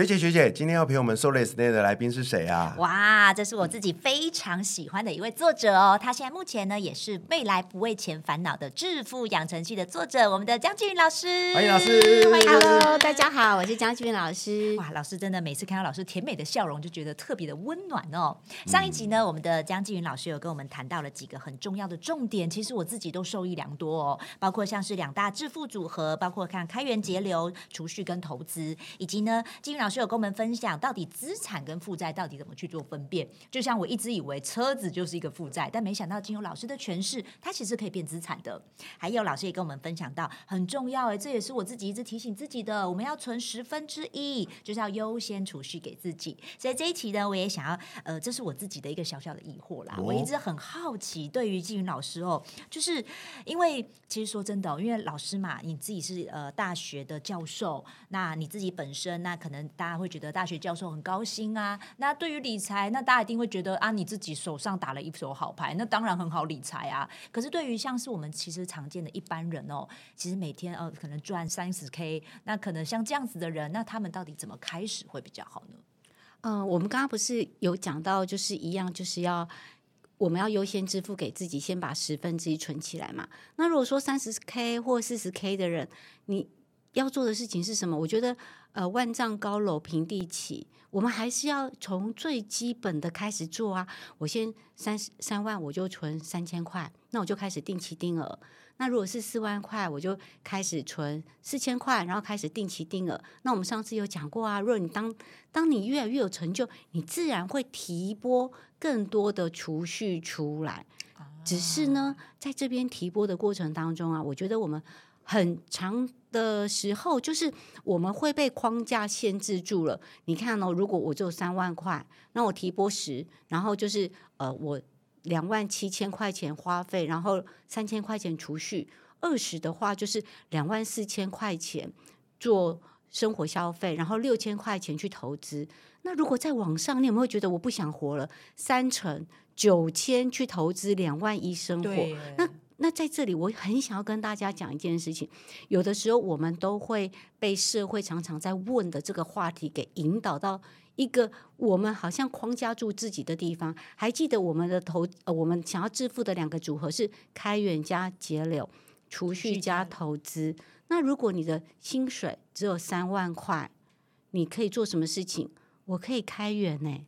學姐，學姐，今天要陪我們授 ㄉㄟˇ 私捏的來賓是誰啊？哇，這是我自己非常喜歡的一位作者哦。嗯、他現在目前呢，也是未來不為錢煩惱的致富養成記的作者。我們的江季芸老師，歡迎老師，歡迎老師。Hello 大家好，我是江季芸老師。哇，老師真的每次看到老師甜美的笑容，就覺得特別的溫暖哦、嗯。上一集呢，我們的江季芸老師有跟我們談到了幾個很重要的重點，其實我自己都受益良多，哦，包括像是兩大致富組合，包括看開源節流、儲蓄跟投資，以及呢，金老師老師有跟我們分享到底資產跟負債到底怎麼去做分辨，就像我一直以為車子就是一個負債，但沒想到江老師的詮釋，它其實可以變資產的。還有老師也跟我們分享到很重要哎、欸，這也是我自己一直提醒自己的，我們要存十分之一，就是要優先儲蓄給自己。所以這一期呢，我也想要呃，這是我自己的一個小小的疑惑啦。我一直很好奇，對於季芸老師哦、喔，就是因為其實說真的、喔，因為老師嘛，你自己是呃大學的教授，那你自己本身那可能。大家會覺得大學教授很高薪啊，那對於理財，那大家一定會覺得啊，你自己手上打了一手好牌，那當然很好理財啊。可是對於像是我們其實常見的一般人哦，其實每天呃可能賺三十 K，那可能像這樣子的人，那他們到底怎麼開始會比較好呢？嗯、呃，我們剛剛不是有講到，就是一樣，就是要我們要優先支付給自己，先把十分之一存起來嘛。那如果說三十 K 或四十 K 的人，你。要做的事情是什麼？我覺得，呃，萬丈高樓平地起，我們還是要從最基本的開始做啊。我先三三萬，我就存三千塊，那我就開始定期定額。那如果是四萬塊，我就開始存四千塊，然後開始定期定額。那我們上次有講過啊，如果你當當你越來越有成就，你自然會提撥更多的儲蓄出來。只是呢，在這邊提撥的過程當中啊，我覺得我們。很長的時候，就是我們會被框架限制住了。你看哦，如果我只有三萬塊，那我提撥十，然後就是呃，我兩萬七千塊錢花費，然後三千塊錢儲蓄。二十的話，就是兩萬四千塊錢做生活消費，然後六千塊錢去投資。那如果再往上，你有沒有覺得我不想活了？三成九千去投資兩萬一生活，那？嗯那在這裡，我很想要跟大家講一件事情。有的時候，我們都會被社會常常在問的這個話題給引導到一個我們好像框架住自己的地方。還記得我們的投，呃，我們想要致富的兩個組合是開源加節流，儲蓄加投資。那如果你的薪水只有三萬塊，你可以做什麼事情？我可以開源呢、欸。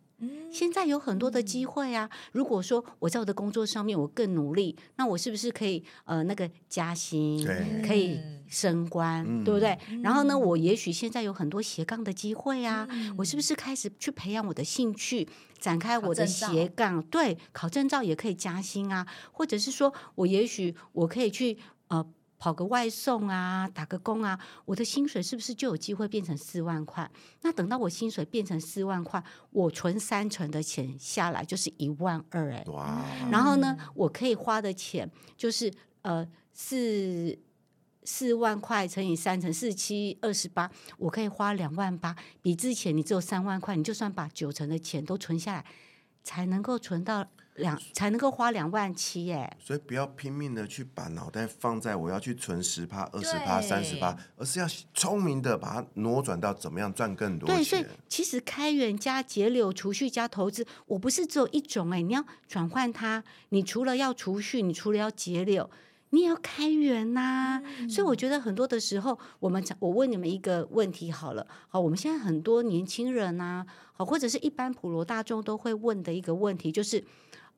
現在有很多的機會啊、嗯！如果說我在我的工作上面我更努力，那我是不是可以呃那個加薪、嗯，可以升官，嗯、對不對、嗯？然後呢，我也許現在有很多斜槓的機會啊、嗯，我是不是開始去培養我的興趣，展開我的斜槓？對，考證照也可以加薪啊，或者是說我也許我可以去呃。跑個外送啊，打個工啊，我的薪水是不是就有機會變成四萬塊？那等到我薪水變成四萬塊，我存三成的錢下來就是一萬二哎。哇！然後呢，我可以花的錢就是呃四四萬塊乘以三成四七二十八，4, 7, 28, 我可以花兩萬八。比之前你只有三萬塊，你就算把九成的錢都存下來，才能夠存到。兩才能夠花兩萬七哎，所以不要拼命的去把腦袋放在我要去存十趴、二十趴、三十趴，而是要聰明的把它挪轉到怎麼樣賺更多。對，所以其實開源加節流、儲蓄加投資，我不是只有一種哎，你要轉換它。你除了要儲蓄，你除了要節流，你也要開源吶、啊嗯。所以我覺得很多的時候，我們我問你們一個問題好了，好，我們現在很多年輕人吶、啊，好，或者是一般普羅大眾都會問的一個問題就是。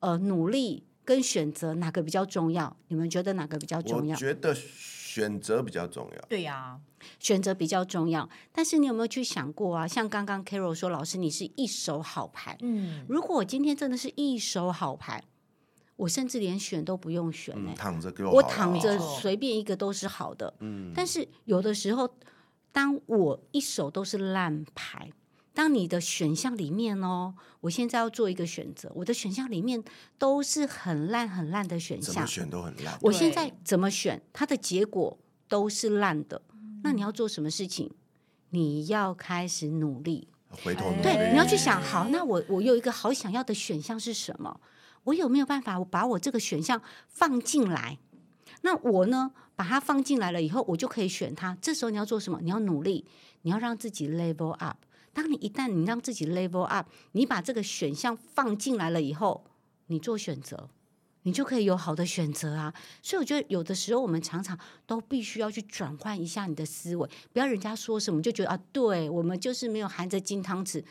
呃，努力跟選擇哪個比較重要？你們覺得哪個比較重要？我覺得選擇比較重要。對呀、啊，選擇比較重要。但是你有沒有去想過啊？像剛剛 Carol 說，老師你是一手好牌、嗯。如果我今天真的是一手好牌，我甚至連選都不用選、欸，哎、嗯，躺着給我好好。我躺着隨便一個都是好的、哦。但是有的時候，當我一手都是爛牌，當你的選項裡面哦，我現在要做一個選擇，我的選項裡面都是很爛很爛的選項，怎麼選都很爛。我現在怎麼選，它的結果都是爛的、嗯。那你要做什麼事情？你要開始努力，回頭對，哎、你要去想好。那我我有一個好想要的選項是什麼？我有沒有辦法把我這個選項放進來？那我呢，把它放進來了以後，我就可以選它。這時候你要做什麼？你要努力，你要讓自己 level up。當你一旦你讓自己 level up，你把這個選項放進來了以後，你做選擇，你就可以有好的選擇啊。所以我覺得有的時候我們常常都必須要去轉換一下你的思維，不要人家說什麼就覺得啊，對，我們就是沒有含着金湯匙，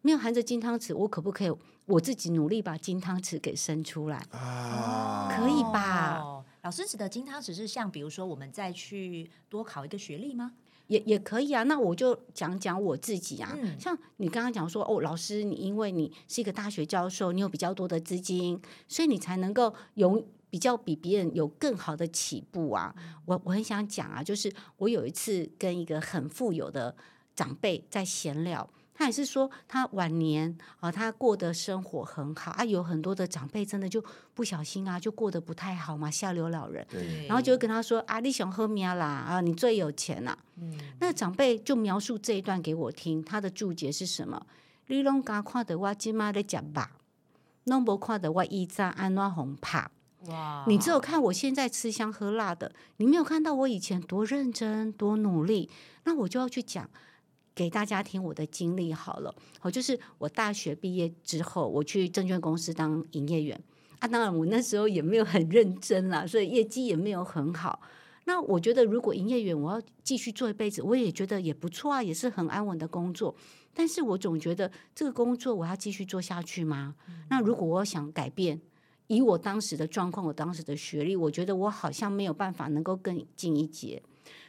沒有含着金湯匙，我可不可以我自己努力把金湯匙給生出來？啊，可以吧？哦，老師指的金湯匙是像比如說我們再去多考一個學歷嗎？也也可以啊，那我就講講我自己啊，嗯。像你剛剛講說，哦，老師，你因為你是一個大學教授，你有比較多的資金，所以你才能夠有比較比別人有更好的起步啊。我我很想講啊，就是我有一次跟一個很富有的長輩在閒聊。他也是說，他晚年啊、呃，他過的生活很好啊，有很多的長輩真的就不小心啊，就過得不太好嘛，下流老人。對。然後就跟他說：“啊，你想喝米啦？啊，你最有錢了、啊。嗯”那長輩就描述這一段給我聽，他的注解是什麼？你攏嘎看的我金媽的吃吧，儂不看的我一早安娜紅帕哇？你只有看我現在吃香喝辣的，你沒有看到我以前多認真、多努力。那我就要去講。給大家聽我的經歷好了，我就是我大學畢業之後，我去證券公司當營業員啊。當然，我那時候也沒有很認真啦，所以業績也沒有很好。那我覺得，如果營業員我要繼續做一輩子，我也覺得也不錯啊，也是很安穩的工作。但是我總覺得這個工作我要繼續做下去嗎？那如果我想改變，以我當時的狀況，我當時的學歷，我覺得我好像沒有辦法能夠更進一截。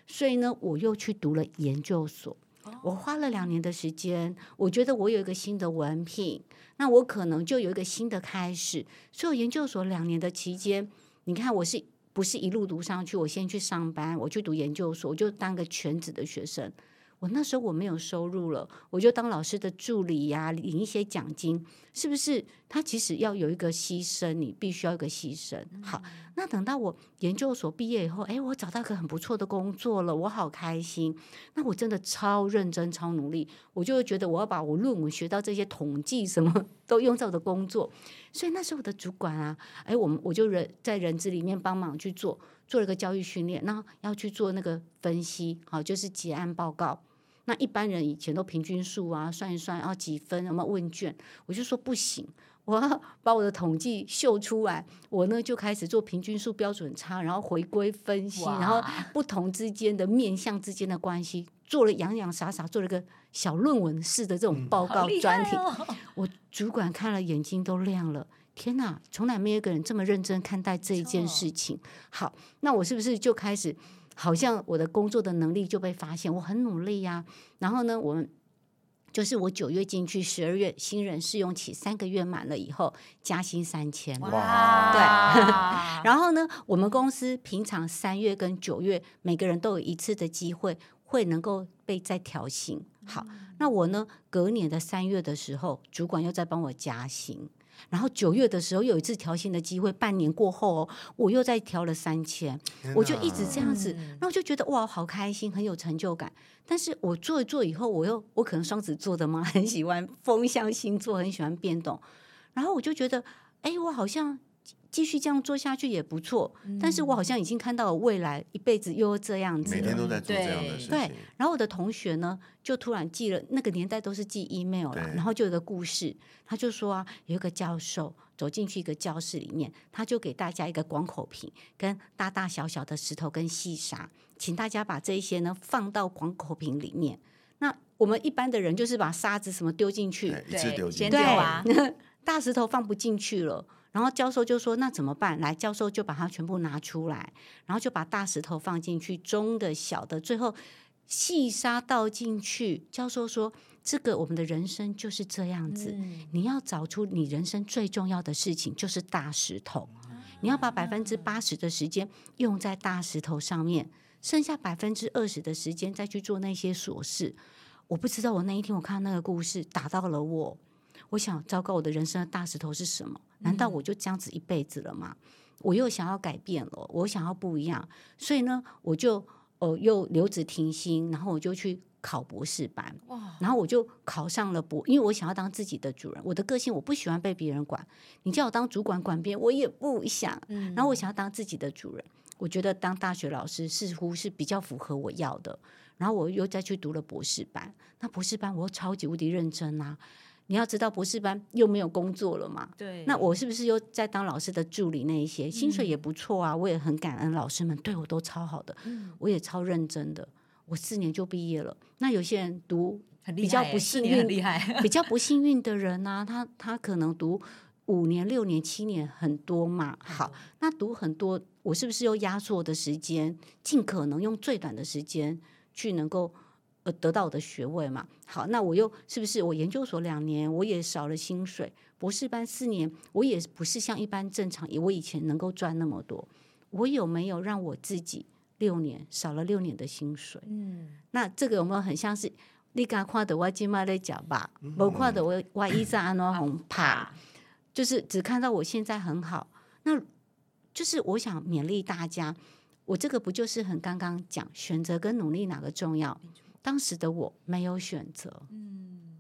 所以呢，我又去讀了研究所。我花了兩年的時間，我覺得我有一個新的文憑，那我可能就有一個新的開始。所以我研究所兩年的期間，你看我是不是一路讀上去？我先去上班，我去讀研究所，我就當個全職的學生。我那時候我沒有收入了，我就當老師的助理呀、啊，領一些獎金。是不是？他其實要有一個犧牲，你必須要有一個犧牲。好，那等到我研究所畢業以後，哎，我找到一個很不錯的工作了，我好開心。那我真的超認真、超努力，我就覺得我要把我論文學到這些統計什麼都用在我的工作。所以那時候我的主管啊，哎，我們我就人在人資裡面幫忙去做，做了一個教育訓練，然後要去做那個分析，好，就是結案報告。那一般人以前都平均數啊，算一算，然、啊、後幾分什麼、啊、問卷，我就說不行，我要把我的統計秀出來，我呢就開始做平均數、標準差，然後回歸分析，然後不同之間的面向之間的關係，做了洋洋灑灑，做了個小論文式的這種報告專題、嗯哦。我主管看了眼睛都亮了，天哪，從來沒有一個人這麼認真看待這一件事情。好，那我是不是就開始？好像我的工作的能力就被發現，我很努力呀、啊。然後呢，我們就是我九月進去，十二月新人試用期三個月滿了以後，加薪三千。哇，對。 然後呢，我們公司平常三月跟九月每個人都有一次的機會，會能夠被再調薪。好、嗯，那我呢，隔年的三月的時候，主管又再幫我加薪。然後九月的時候有一次調薪的機會，半年過後，哦，我又再調了三千，我就一直這樣子，然後就覺得哇，我好開心，很有成就感。但是我做一做以後，我又我可能雙子座的嘛，很喜歡風象星座，很喜歡變動，然後我就覺得，哎，我好像。繼續這樣做下去也不錯，嗯，但是我好像已經看到了未來一輩子又要這樣子了。每天都在做這樣的事情。對，然後我的同學呢，就突然寄了，那個年代都是寄 email 了。然後就有一個故事，他就說，啊，有一個教授走進去一個教室裡面，他就給大家一個廣口瓶，跟大大小小的石頭跟細沙，請大家把這些呢放到廣口瓶裡面。那我們一般的人就是把沙子什麼丟進去，一直丟進去。對啊，大石頭放不進去了。然後教授就說：“那怎麼辦？”來，教授就把它全部拿出來，然後就把大石頭放進去，中的、小的，最後細沙倒進去。教授說：“這個我們的人生就是這樣子，嗯、你要找出你人生最重要的事情，就是大石頭。啊、你要把百分之八十的時間用在大石頭上面，剩下百分之二十的時間再去做那些瑣事。”我不知道，我那一天我看到那個故事，打到了我。我想，糟糕！我的人生的大石頭是什麼？難道我就這樣子一輩子了嗎？嗯、我又想要改變了，我想要不一樣。所以呢，我就、哦、又留職停薪，然後我就去考博士班。哇！然後我就考上了博，因為我想要當自己的主人。我的個性我不喜歡被別人管，你叫我當主管管別人，我也不想、嗯。然後我想要當自己的主人，我覺得當大學老師似乎是比較符合我要的。然後我又再去讀了博士班。那博士班，我又超級無敵認真啊！你要知道博士班又沒有工作了嘛。對，那我是不是又在當老師的助理那一些，薪水也不錯啊，嗯、我也很感恩老師們對我都超好的、嗯，我也超認真的。我四年就畢業了，那有些人讀比較不幸運，厲害欸、厲害比較不幸運的人呢、啊？他他可能讀五年、六年、七年很多嘛。好，那讀很多，我是不是又壓縮我的時間，盡可能用最短的時間去能夠得到我的學位嘛，好，那我又是不是我研究所兩年我也少了薪水，博士班四年我也不是像一般正常，以我以前能夠賺那麼多，我有沒有讓我自己六年少了六年的薪水？嗯，那這個有沒有很像是你看著我現在在吃肉，沒看著我，我現在怎樣拍，就是只看到我現在很好，那就是我想勉勵大家，我這個不就是很剛剛講選擇跟努力哪個重要？當時的我沒有選擇，嗯，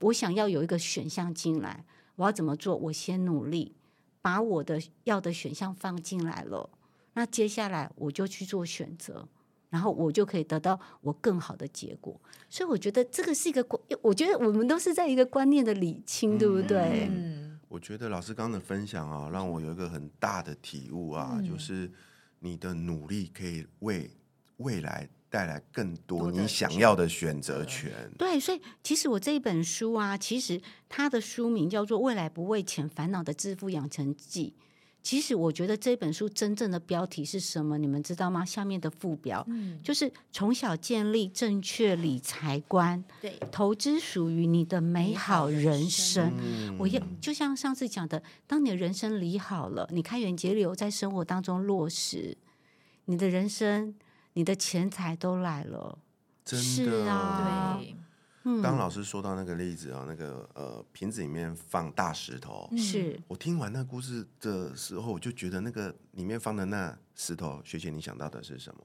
我想要有一個選項進來，我要怎麼做？我先努力把我的要的選項放進來了，那接下來我就去做選擇，然後我就可以得到我更好的結果。所以我覺得這個是一個觀，我覺得我們都是在一個觀念的理清，嗯，對不對？嗯，我覺得老師剛剛的分享啊，讓我有一個很大的體悟啊，嗯，就是你的努力可以為未來。帶來更多你想要的選擇權，選對。對，所以其實我這一本書啊，其實它的書名叫做《未來不為錢煩惱的致富養成記》。其實我覺得這本書真正的標題是什麼，你們知道嗎？下面的副標，嗯，就是從小建立正確理財觀，對，投資屬於你的美好人生。人生。我要就像上次講的，當你的人生理好了，你開源節流，在生活當中落實你的人生。你的錢財都來了，真的是、啊、對。剛、嗯、老師說到那個例子啊，那個呃瓶子裡面放大石頭，是我聽完那故事的時候，我就覺得那個裡面放的那石頭，學姐你想到的是什麼？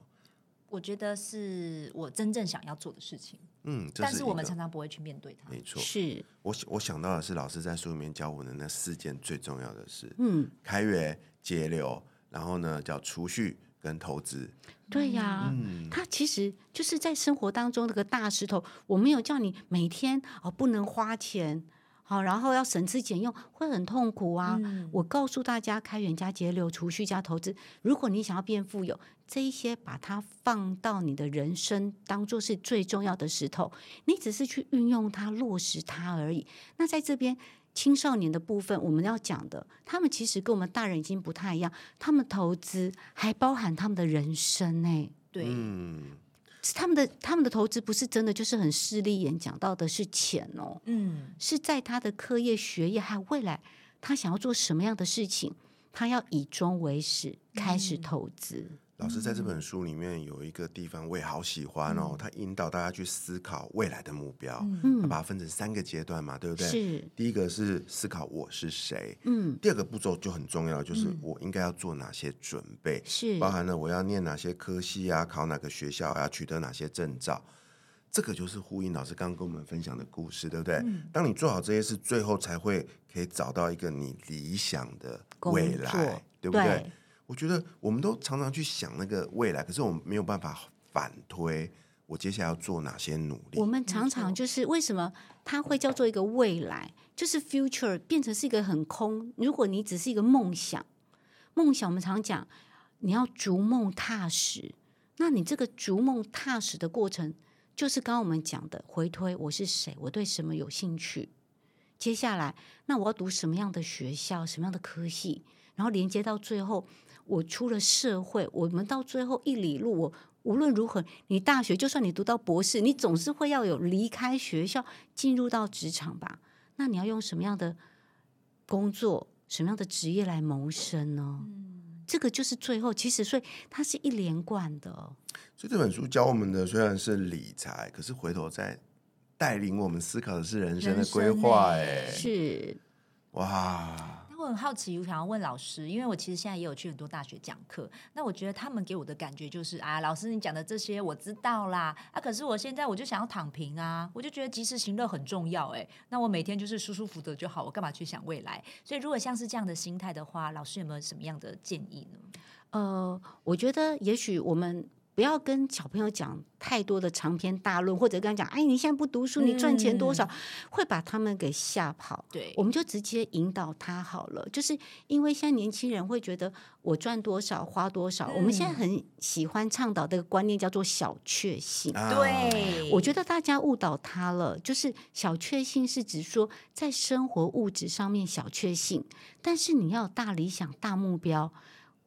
我覺得是我真正想要做的事情。嗯，是但是我們常常不會去面對它。沒錯，是。我我想到的是老師在書裡面教我的那四件最重要的事。嗯，開源節流，然後呢叫儲蓄。跟投資，對呀、啊、嗯，他其實就是在生活當中那個大石頭。我沒有叫你每天哦不能花錢，好，然後要省吃儉用，會很痛苦啊。嗯、我告訴大家，開源加節流，儲蓄加投資。如果你想要變富有，這一些把它放到你的人生當做是最重要的石頭，你只是去運用它、落實它而已。那在這邊。青少年的部分，我們要講的，他們其實跟我們大人已經不太一樣。他們投資還包含他們的人生呢，對，嗯、是他們的他們的投資不是真的就是很勢利眼，講到的是錢哦，嗯，是在他的課業、學業還有未來，他想要做什麼樣的事情，他要以終為始，開始投資。嗯老師在這本書裡面有一個地方我也好喜歡哦，嗯、他引導大家去思考未來的目標，他、嗯、把它分成三個階段嘛，對不對？是。第一個是思考我是誰，嗯。第二個步驟就很重要，就是我應該要做哪些準備，是、嗯。包含了我要念哪些科系啊，考哪個學校啊，啊取得哪些證照，這個就是呼應老師剛剛跟我們分享的故事，對不對、嗯？當你做好這些事，最後才會可以找到一個你理想的未來，對不對？對我覺得我們都常常去想那個未來，可是我們沒有辦法反推我接下來要做哪些努力。我們常常就是為什麼它會叫做一個未來，就是 future 變成是一個很空。如果你只是一個夢想，夢想我們常講你要逐夢踏實，那你這個逐夢踏實的過程，就是剛剛我們講的回推我是誰，我對什麼有興趣，接下來那我要讀什麼樣的學校，什麼樣的科系，然後連接到最後。我出了社會，我們到最後一里路，我無論如何，你大學就算你讀到博士，你總是會要有離開學校進入到職場吧？那你要用什麼樣的工作、什麼樣的職業來謀生呢？嗯，這個就是最後，其實所以它是一連貫的。所以這本書教我們的雖然是理財，可是回頭再帶領我們思考的是人生的規劃。哎、欸，是，哇。我很好奇，我想要問老師，因為我其實現在也有去很多大學講課。那我覺得他們給我的感覺就是，啊，老師你講的這些我知道啦。啊，可是我現在我就想要躺平啊，我就覺得及時行樂很重要，欸。哎，那我每天就是舒舒服服的就好，我幹嘛去想未來？所以如果像是這樣的心態的話，老師有沒有什麼樣的建議呢？呃，我覺得也許我們。不要跟小朋友講太多的長篇大論，或者跟他講，哎，你現在不讀書，你賺錢多少，嗯，會把他們給嚇跑。對，我們就直接引導他好了。就是因為現在年輕人會覺得我賺多少花多少，嗯，我們現在很喜歡倡導的一個觀念叫做小確幸，嗯。對，我覺得大家誤導他了。就是小確幸是指說在生活物質上面小確幸，但是你要有大理想、大目標。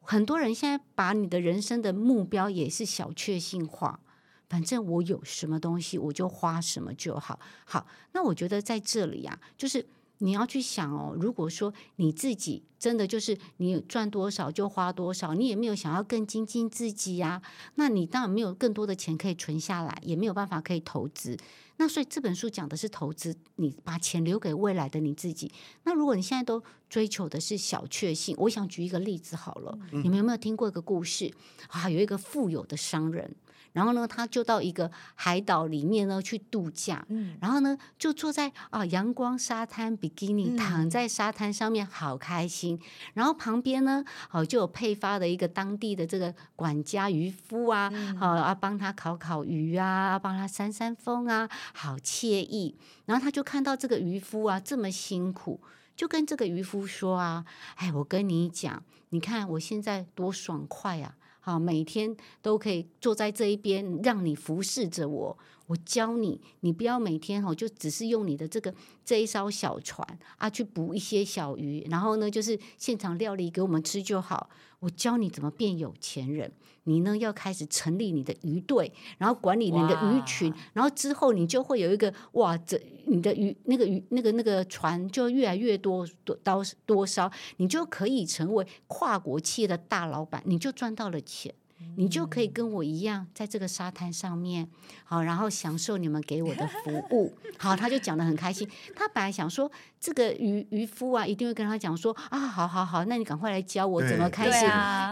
很多人現在把你的人生的目標也是小確幸化，反正我有什麼東西我就花什麼就好。好，那我覺得在這裡啊，就是。你要去想哦，如果說你自己真的就是你賺多少就花多少，你也沒有想要更精進自己啊，那你當然沒有更多的錢可以存下來，也沒有辦法可以投資。那所以這本書講的是投資，你把錢留給未來的你自己。那如果你現在都追求的是小確幸，我想舉一個例子好了，你們有沒有聽過一個故事啊？有一個富有的商人。然後呢，他就到一個海島裡面呢去度假，嗯、然後呢就坐在啊陽光沙灘 b i 尼 i n 躺在沙灘上面，嗯、好開心。然後旁邊呢，好、啊、就有配發的一個當地的這個管家漁夫啊，好、嗯、啊幫他烤烤魚啊，幫他扇扇風啊，好愜意。然後他就看到這個漁夫啊這麼辛苦，就跟這個漁夫說啊：“哎，我跟你講，你看我現在多爽快啊。」好，每天都可以坐在這一邊，讓你服侍着我。我教你，你不要每天，哦、就只是用你的這個這一艘小船啊去捕一些小魚，然後呢就是現場料理給我們吃就好。我教你怎麼變有錢人，你呢要開始成立你的魚隊，然後管理你的魚群，然後之後你就會有一個哇，這你的魚那個魚那個、那個、那個船就越來越多多多多艘，你就可以成為跨國企業的大老板，你就賺到了錢。你就可以跟我一樣，在這個沙灘上面，好，然後享受你們給我的服務。好，他就講得很開心。他本來想說，這個漁漁夫啊，一定會跟他講說啊，好好好，那你趕快來教我怎麼開始，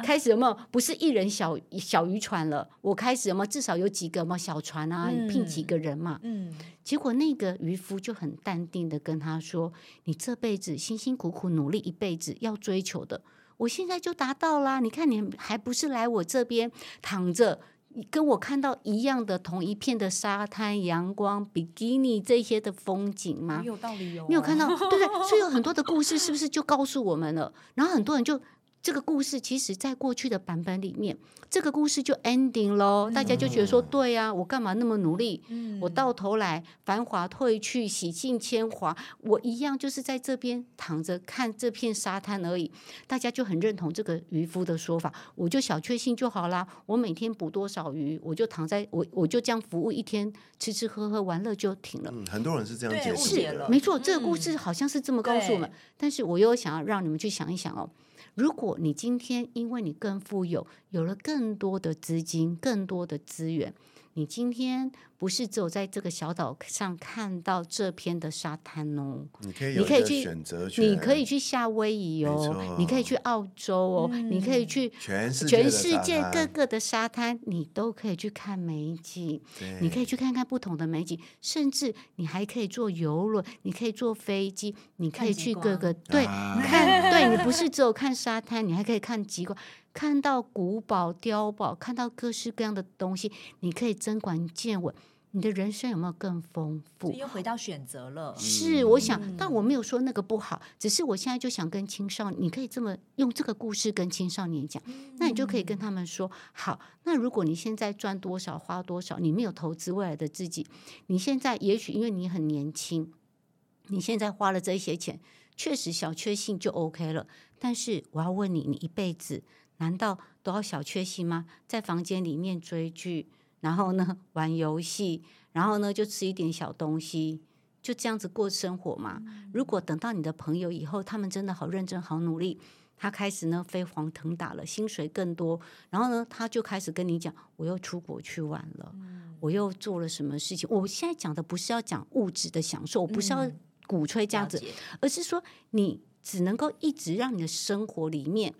開始有沒有？不是一人小小漁船了，我開始有沒有？至少有幾個嘛，小船啊，聘幾個人嘛。嗯。嗯，結果那個漁夫就很淡定的跟他說：“你這輩子辛辛苦苦努力一輩子要追求的。”我現在就達到了。你看，你還不是來我這邊躺着，跟我看到一樣的同一片的沙灘、陽光、比基尼這些的風景嗎？沒有道理喲、啊！沒有看到？對對，所以有很多的故事，是不是就告訴我們了？然後很多人就。這個故事其實在過去的版本裡面，這個故事就 ending 嘍。大家就覺得說、嗯，對啊，我幹嘛那麼努力？嗯、我到頭來繁華褪去，洗盡鉛華，我一樣就是在這邊躺着看這片沙灘而已。大家就很認同這個漁夫的說法，我就小確幸就好啦。我每天捕多少魚，我就躺在我，我就這樣服務一天，吃吃喝喝玩樂就停了、嗯。很多人是這樣解釋的解沒錯、嗯，這個故事好像是這麼告訴我們。但是我又想要讓你們去想一想哦。如果你今天因為你更富有，有了更多的資金、更多的資源，你今天。不是只有在這個小島上看到這片的沙灘哦，你可以去選擇，你可以去夏威夷哦，哦，你可以去澳洲哦，嗯、你可以去全世界，全世界各個的沙灘，你都可以去看美景，你可以去看看不同的美景，甚至你還可以坐遊輪，你可以坐飛機，你可以去各個看對。 你看，對，你不是只有看沙灘，你還可以看極光，看到古堡、碉堡，看到各式各樣的東西，你可以增廣見聞。你的人生有沒有更豐富？又回到選擇了、嗯。是，我想，但我沒有說那個不好。只是我現在就想跟青少年，你可以這麼用這個故事跟青少年講，那你就可以跟他們說：好，那如果你現在賺多少花多少，你沒有投資未來的自己，你現在也許因為你很年輕，你現在花了這些錢，確實小確幸就 OK 了。但是我要問你，你一輩子難道都要小確幸嗎？在房間裡面追劇？然後呢，玩遊戲，然後呢就吃一點小東西，就這樣子過生活嘛、嗯。如果等到你的朋友以後，他們真的好認真、好努力，他開始呢飛黃騰達了，薪水更多，然後呢他就開始跟你講：“我又出國去玩了、嗯，我又做了什麼事情？”我現在講的不是要講物質的享受，我不是要鼓吹這樣子，嗯、而是說你只能夠一直讓你的生活裡面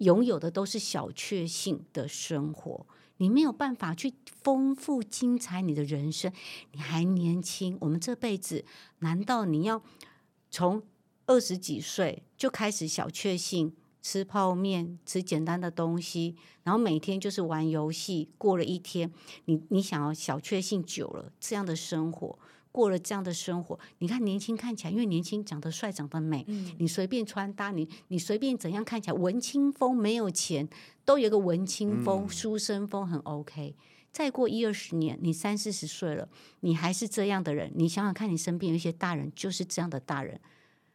擁有的都是小確幸的生活。你沒有辦法去豐富精彩你的人生，你還年輕，我們這輩子難道你要從二十幾歲就開始小確幸，吃泡麵，吃簡單的東西，然後每天就是玩遊戲，過了一天，你你想要小確幸久了這樣的生活？過了這樣的生活，你看年輕看起來，因為年輕長得帥、長得美、嗯，你隨便穿搭，你你隨便怎樣看起來文青風，沒有錢都有個文青風、嗯、書生風很 OK。再過一二十年，你三四十歲了，你還是這樣的人，你想想看你身邊有一些大人就是這樣的大人。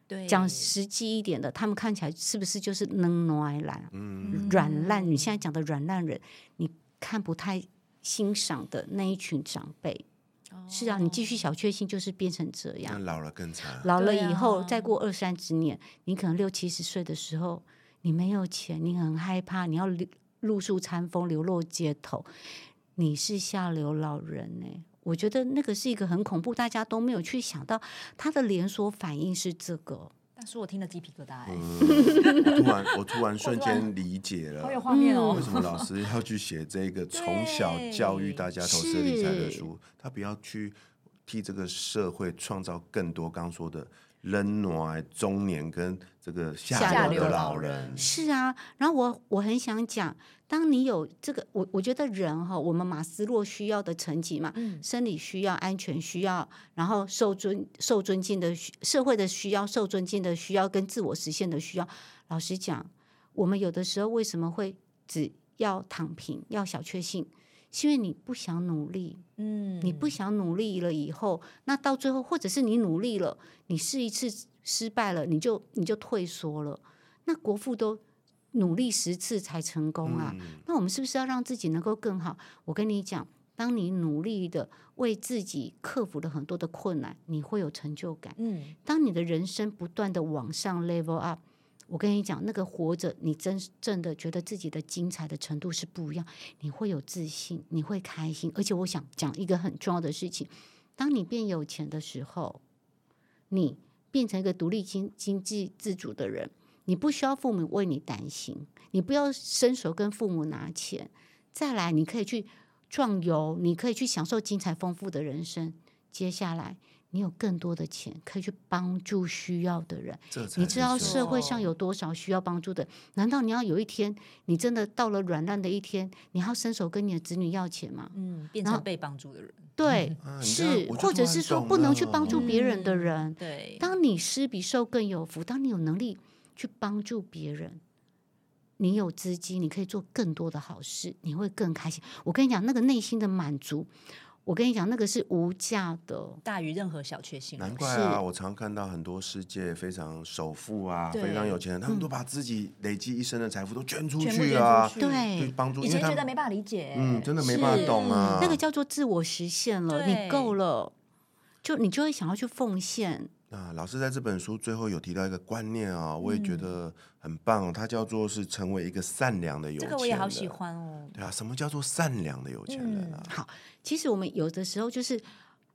對，講實際一點的，他們看起來是不是就是能軟，軟爛？嗯，軟爛。你現在講的軟爛人，你看不太欣賞的那一群長輩。是啊，你繼續小確幸，就是變成這樣。哦、那老了更慘。老了以後、啊哦，再過二三十年，你可能六七十歲的時候，你沒有錢，你很害怕，你要露宿餐風，流落街頭，你是下流老人呢、欸。我覺得那個是一個很恐怖，大家都沒有去想到，他的連鎖反應是這個。但是我聽了雞皮疙瘩、欸嗯。 我突然我突然瞬間理解了，為什麼老師要去寫這個從小教育大家投資理財的書？ 書他不要去替這個社會創造更多剛說的。人外中年跟這個下流的老人，是啊，然後我我很想講，當你有這個，我我覺得人哈，我們馬斯洛需要的層級嘛、嗯，生理需要、安全需要，然後受尊受尊敬的社會的需要、受尊敬的需要跟自我實現的需要。老實講，我們有的時候為什麼會只要躺平，要小確幸？是因為你不想努力，嗯，你不想努力了以後，那到最後，或者是你努力了，你試一次失敗了，你就你就退縮了。那國父都努力十次才成功啊。嗯，那我們是不是要讓自己能夠更好？我跟你講，當你努力的為自己克服了很多的困難，你會有成就感。嗯，當你的人生不斷的往上 level up。我跟你講，那個活着，你真正的覺得自己的精彩的程度是不一樣，你會有自信，你會開心。而且我想講一個很重要的事情，當你變有錢的時候，你變成一個獨立經經濟自主的人，你不需要父母為你擔心，你不要伸手跟父母拿錢。再來，你可以去壯遊，你可以去享受精彩豐富的人生。接下來。你有更多的錢可以去幫助需要的人，你知道社會上有多少需要幫助的，哦？難道你要有一天你真的到了軟爛的一天，你要伸手跟你的子女要錢嗎？嗯，變成被幫助的人，嗯、對，嗯、是、啊，或者是說不能去幫助別人的人。嗯嗯、對，當你施比受更有福，當你有能力去幫助別人，你有資金，你可以做更多的好事，你會更開心。我跟你講，那個內心的滿足。我跟你講，那個是無價的，大於任何小確幸。難怪啊！我常看到很多世界非常首富啊，非常有錢人、嗯，他們都把自己累積一生的財富都捐出去啊，全部捐出去，對，去幫助。以前他覺得沒辦法理解，嗯，真的沒辦法懂啊。那個叫做自我實現了，你夠了，就你就會想要去奉獻。啊，老師在這本書最後有提到一個觀念啊，我也覺得很棒，嗯，它叫做是成為一個善良的有錢人。這個我也好喜歡哦。對啊，什麼叫做善良的有錢人啊？嗯，好，其實我們有的時候就是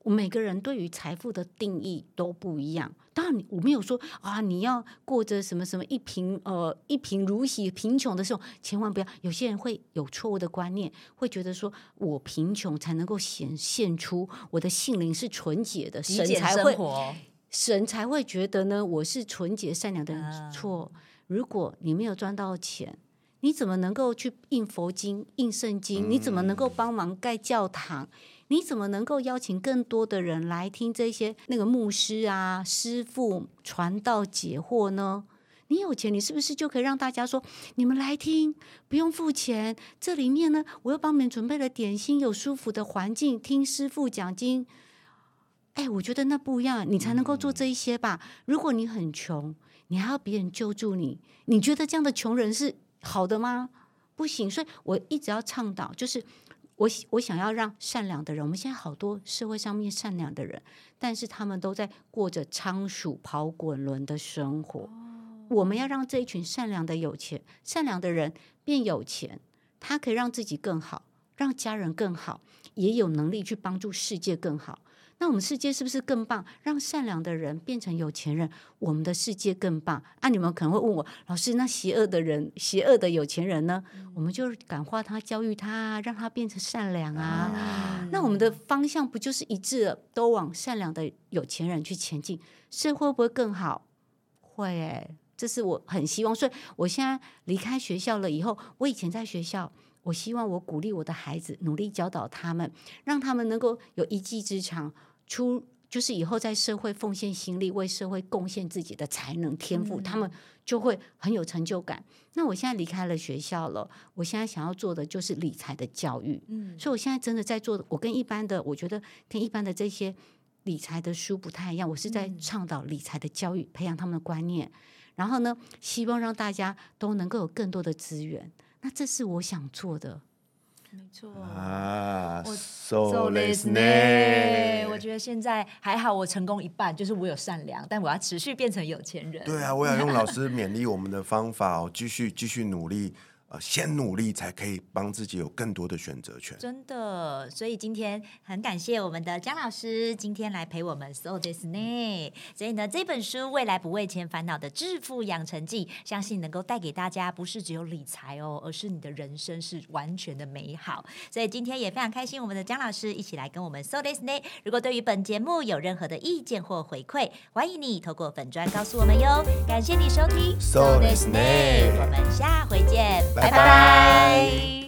每個人對於財富的定義都不一樣。當然，我沒有說啊，你要過着什麼什麼一貧呃一貧如洗貧窮的時候，千萬不要。有些人會有錯誤的觀念，會覺得說我貧窮才能夠顯現，現出我的心靈是純潔的，神才會。哦神才會覺得呢，我是純潔善良的人錯。如果你沒有賺到錢，你怎麼能夠去印佛經、印聖經？你怎麼能夠幫忙蓋教堂？你怎麼能夠邀請更多的人來聽這些那個牧師啊、師傅傳道解惑呢？你有錢，你是不是就可以讓大家說：你們來聽，不用付錢。這裡面呢，我又幫你們準備了點心，有舒服的環境，聽師傅講經。哎，我覺得那不一樣，你才能夠做這一些吧。如果你很窮，你還要別人救助你，你覺得這樣的窮人是好的嗎？不行，所以我一直要倡導，就是我我想要讓善良的人。我們現在好多社會上面善良的人，但是他們都在過着倉鼠跑滾輪的生活。我們要讓這一群善良的有錢、善良的人變有錢，他可以讓自己更好，讓家人更好，也有能力去幫助世界更好。那我們世界是不是更棒？讓善良的人變成有錢人，我們的世界更棒。啊！你們可能會問我，老師，那邪惡的人、邪惡的有錢人呢？嗯、我們就感化他、教育他，讓他變成善良啊。嗯、那我們的方向不就是一致了，都往善良的有錢人去前進？社會會不會更好？會、欸，這是我很希望。所以我現在離開學校了以後，我以前在學校，我希望我鼓勵我的孩子，努力教導他們，讓他們能夠有一技之長。出就是以後在社會奉獻心力，為社會貢獻自己的才能天賦，嗯，他們就會很有成就感。那我現在離開了學校了，我現在想要做的就是理財的教育。嗯，所以我現在真的在做的，我跟一般的，我覺得跟一般的這些理財的書不太一樣，我是在倡導理財的教育，培養他們的觀念。然後呢，希望讓大家都能夠有更多的資源。那這是我想做的。沒錯啊，我 so, so listening、so。我覺得現在還好，我成功一半，就是我有善良，但我要持續變成有錢人。嗯、對啊，我想用老師勉勵我們的方法、哦， 繼續繼續努力。呃，先努力才可以幫自己有更多的選擇權。真的，所以今天很感謝我們的江老師，今天來陪我們授 ㄉㄟˇ 私捏。所以呢，這本書《未來不為錢煩惱的致富養成記》，相信能夠帶給大家，不是只有理財哦，而是你的人生是完全的美好。所以今天也非常開心，我們的江老師一起來跟我們授 ㄉㄟˇ 私捏。如果對於本節目有任何的意見或回饋，歡迎你透過粉專告訴我們喲。感謝你收聽授 ㄉㄟˇ 私捏。我們下回見。拜拜。